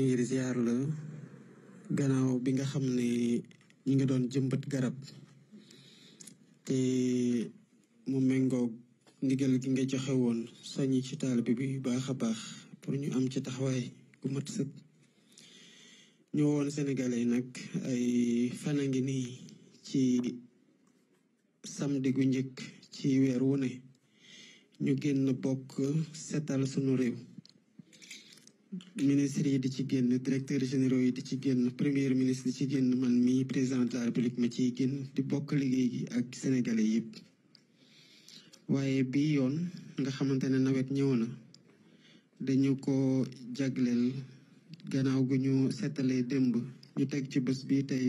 ñu ngi la gannaaw bi nga xam ne ñi nga doon jëmbat garab te mu méngoog ndigal gi nga joxewoon woon ci taalibe bi bu baax a baax pour ñu am ci taxawaay gu mat sëkk ñu woon sénégalais nag ay fan a ngi nii ci samedi gu njëkk ci weer wu ne ñu génn bokk seetal sunu réew ministre yi di ci génn directeur généraux yi di ci génn premier ministre ci génn man mi président de la république ma ciy génn di bokk liggéey gi ak sénégalais yëpp. waaye bii yoon nga xamante ne nawet ñëw na dañu ko jagleel gannaaw gu ñu seetalee démb ñu teg ci bés bi tey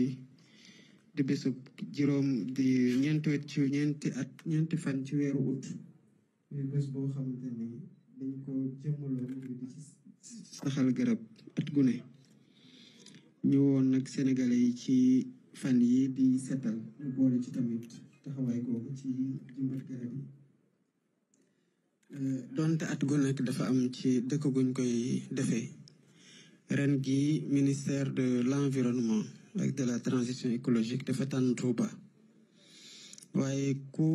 di bésub juróom di ñeenti wet ci ñeenti at ñeenti fan ci weeru ut muy bés boo xamante ne ko jëmmaloo di ci saxal garab at gu ne ñëwoon nag sénégalais yi ci fan yi di setal ñu boole ci tamit taxawaay googu ci euh, donte at gu nekk dafa am ci dëkk guñ koy defee ren gi ministère de l'environnement ak de la transition écologique dafa tànn Touba waaye ku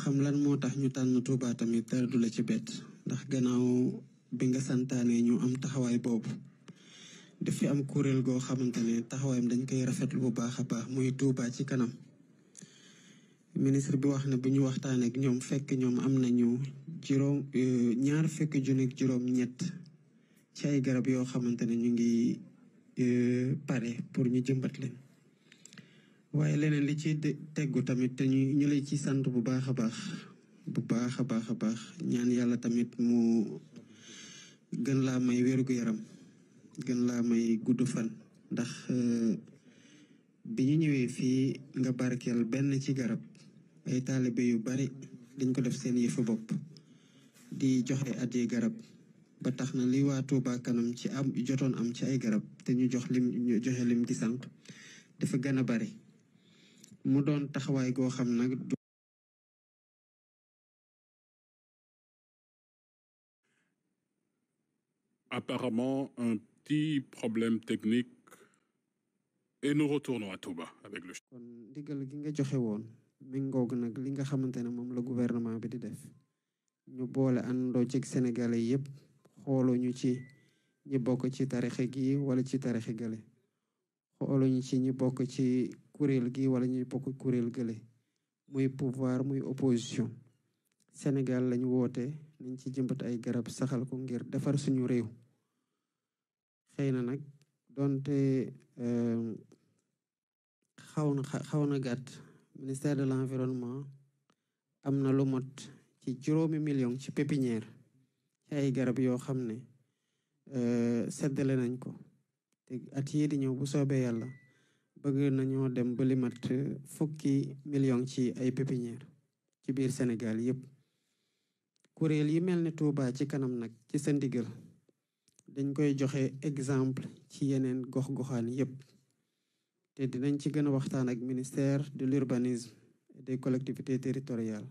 xam lan moo tax ñu tànn Touba tamit dara du la ci bett ndax gannaaw bi nga santaane ñu am taxawaay boobu dafi am kuréel goo xamante ne taxawaayam dañ koy rafetlu bu baax a baax muy Touba ci kanam ministre bi wax na bu ñu waxtaaneek ñoom fekk ñoom am nañu juróom euh, ñaar fekk junneeg juróom ñett ci ay garab yoo xamante ne ñu ngi euh, pare pour ñu jëmbat leen waaye leneen li ci teggu tamit te ñu ñu lay ci sant bu baax a baax bu baax a baax a baax ñaan yàlla tamit mu gën laa may wérgu yaram gën laa may gudd fan ndax eh, bi ñu ñëwee fii nga barkeel benn ci garab ay taalibe yu bari dañ ko def seen yëfu bopp di joxe addi garab ba tax na li waa Touba kanam ci am jotoon am ci ay garab te ñu jox joxe lim gi sànq dafa gën a bari mu doon taxawaay goo nag apparemment un petit problème technique et nous retournons à avec le. kon ndigal gi nga joxe woon méngoog nag li nga xamante ne moom la gouvernement bi di def ñu boole àndoo ci Sénégalais yëpp xooluñu ci ñi bokk ci tarixe gi wala ci tarixe gële xooluñu ci ñi bokk ci kuréel gi wala ñi bokk kuréel gële muy pouvoir muy opposition. Sénégal lañ woote nañ ci jëmbat ay garab saxal ko ngir defar suñu réew xëy na nag donte euh, xaw na xaw gàtt ministère de l'environnement am na lu mot ci juróomi million ci pépinière ci ay garab yoo xam ne euh, seddale nañ ko te at yii di ñëw bu soobee yàlla bëgg nañoo dem ba limat fukki million ci ay pépinière ci biir Sénégal yëpp kuréel yi mel ni Touba ci kanam nag ci sa ndigal dañ koy joxe exemple ci yeneen gox-goxaan yépp te dinañ ci gën a waxtaan ak ministère de l'urbanisme et des collectivités territoriales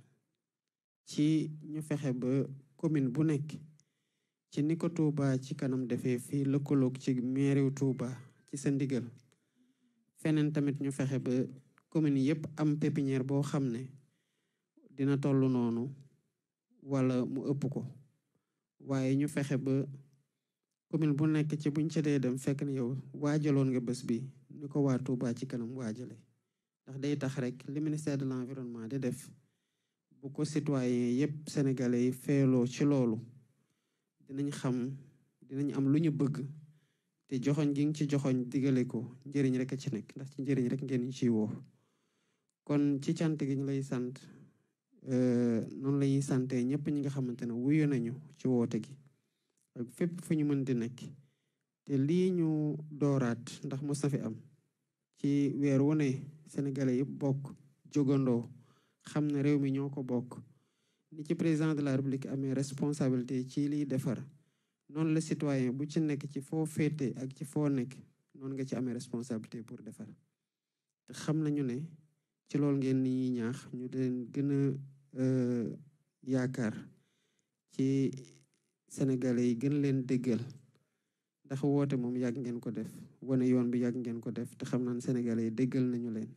ci ñu fexe ba commune bu nekk ci ni ko Touba ci kanam defee fii lëkkaloog ci mairie Touba ci sa ndigal feneen tamit ñu fexe ba commune yépp am pépinière boo xam ne dina toll noonu wala mu ëpp ko waaye ñu fexe ba commune bu nekk ci buñ ca dee dem fekk na yow waajaloon nga bés bi ni ko waa Touba ci kanam waajale ndax day tax rek li ministère de l'environnement de def bu ko citoyen yépp sénégalais yi feeloo ci loolu dinañ xam dinañ am lu ñu bëgg te joxoñ gi nga ci joxoñ digale ko njëriñ rek a ci nekk ndax ci njëriñ rek ngeen ñu ciy woo kon ci cant gi ñu lay sant noonu euh, la ñuy sante ñëpp ñi nga xamante ne wuyu nañu ci woote gi ak fépp fu ñu mën di nekk te lii ñu dooraat ndax mos fi am ci weer wu ne sénégalais yëpp bokk jogandoo xam na réew mi ñoo ko bokk ni ci président de la république amee responsabilité ci liy defar noonu la citoyen bu ci nekk ci foo féete ak ci foo nekk noonu nga ci amee responsabilité pour defar te xam nañu ne ci loolu ngeen ñaax ñu leen gën Euh, yaakaar ci sénégalais yi gën leen déggal ndax woote moom yàgg ngeen ko def wane yoon bi yàgg ngeen ko def te xam naan sénégalais yi déggal nañu leen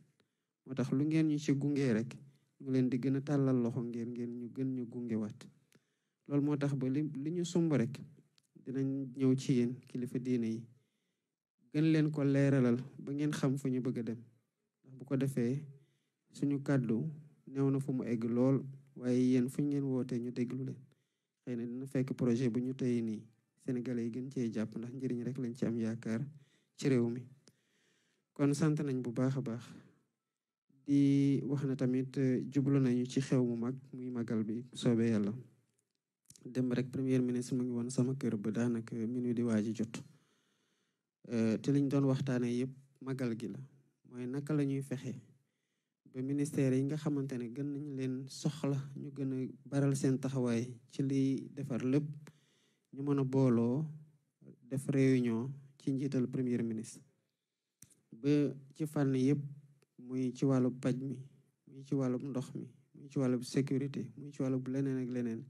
moo tax lu ngeen ñu ci gunge rek ñu leen di gën a tàllal loxo ngeen ngeen ñu gën ñu gunge loolu moo tax ba li li ñu sumb rek dinañ ñëw ci kilifa diine yi gën leen ko leeralal ba ngeen xam fu ñu bëgg a dem ndax bu ko defee suñu kàddu néew na fu mu egg lool waaye yéen fu ngeen wootee ñu déglu leen xëy na dina fekk projet bu ñu tey nii sénégalais yi gën cee jàpp ndax njëriñ rek lañ ci am yaakaar ci réew mi kon sant nañ bu baax a baax di wax na tamit euh, jublu nañu ci xew mu mag muy magal bi soobee yàlla dem rek premier ministre mu ngi woon sama kër ba daanaka minuit di waa ji jot euh, te liñ doon waxtaanee yëpp magal gi la mooy naka lañuy ñuy fexe ba ministère yi nga xamante ne gën nañ leen soxla ñu gën a baral seen taxawaay ci liy defar lépp ñu mën a booloo def réunion ci njiital première ministre ba ci fànn yëpp muy ci wàllub paj mi muy ci wàllub ndox mi muy ci wàllub sécurité muy ci wàllub leneen ak leneen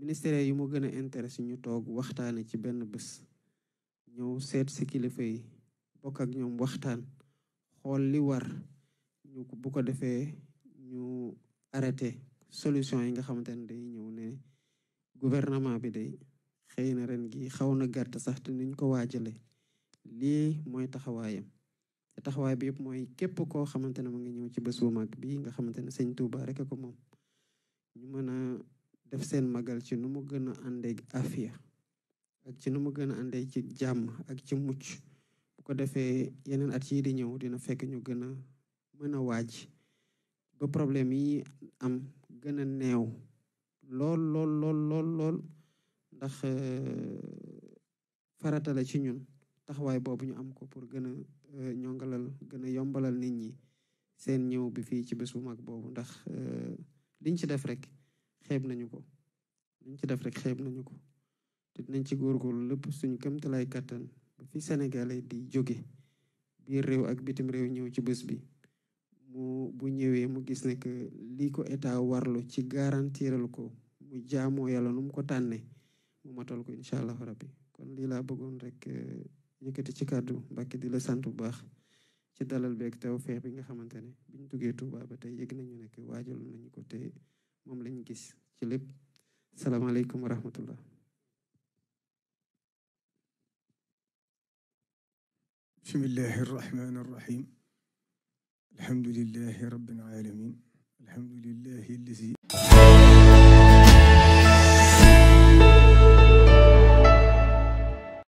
ministère yi mu gën a intéressé ñu toog waxtaane ci benn bés ñëw seet si kilifa yi bokk ak ñoom waxtaan xool li war ñu bu ko defee ñu arrêté solution yi nga xamante ne day ñëw ne gouvernement bi day xëy na ren gi xaw na gàtt sax te niñ ko waajale lii mooy taxawaayam te taxawaay bi yëpp mooy képp koo xamante ne mu ngi ñëw ci bés bu mag bii nga xamante ne sëñ Touba ko moom ñu mën a def seen magal ci nu mu gën a àndee afia ak ci nu mu gën a àndee ci jàmm ak ci mucc bu ko defee yeneen at yii di ñëw dina fekk ñu gën mën a waaj ba problème yi am gën a neew lool lool lool lool lool ndax euh, farata la ci ñun taxawaay boobu ñu am ko pour gën a euh, ñongalal gën a yombalal nit ñi seen ñëw bi fii ci bés bu mag boobu ndax euh, liñ ci def rek xeeb nañu ko liñ ci def rek xeeb nañu ko te dinañ ci góorgóorlu lépp suñ këmtalaay kattan ba fi Sénégalais di jóge biir réew ak bitim réew ñëw ci bés bi mu bu ñëwee mu gis ne que lii ko état warlu ci garantiral ko mu jaamoo yàlla nu mu ko tànnee mu matal ko incha allahu rabbi kon lii laa bëggoon rek eh, yëkkati ci kàddu Mbàkke di la sant bu baax ci dalal beeg taw feex bi nga xamante ne biñ duggee Tuuba ba tey yëg nañu ne que waajal nañu ko te moom lañ gis ci lépp salaamaaleykum wa rahmatullah bismillahi alhamdulillahi rabbil alamin alhamdulillahi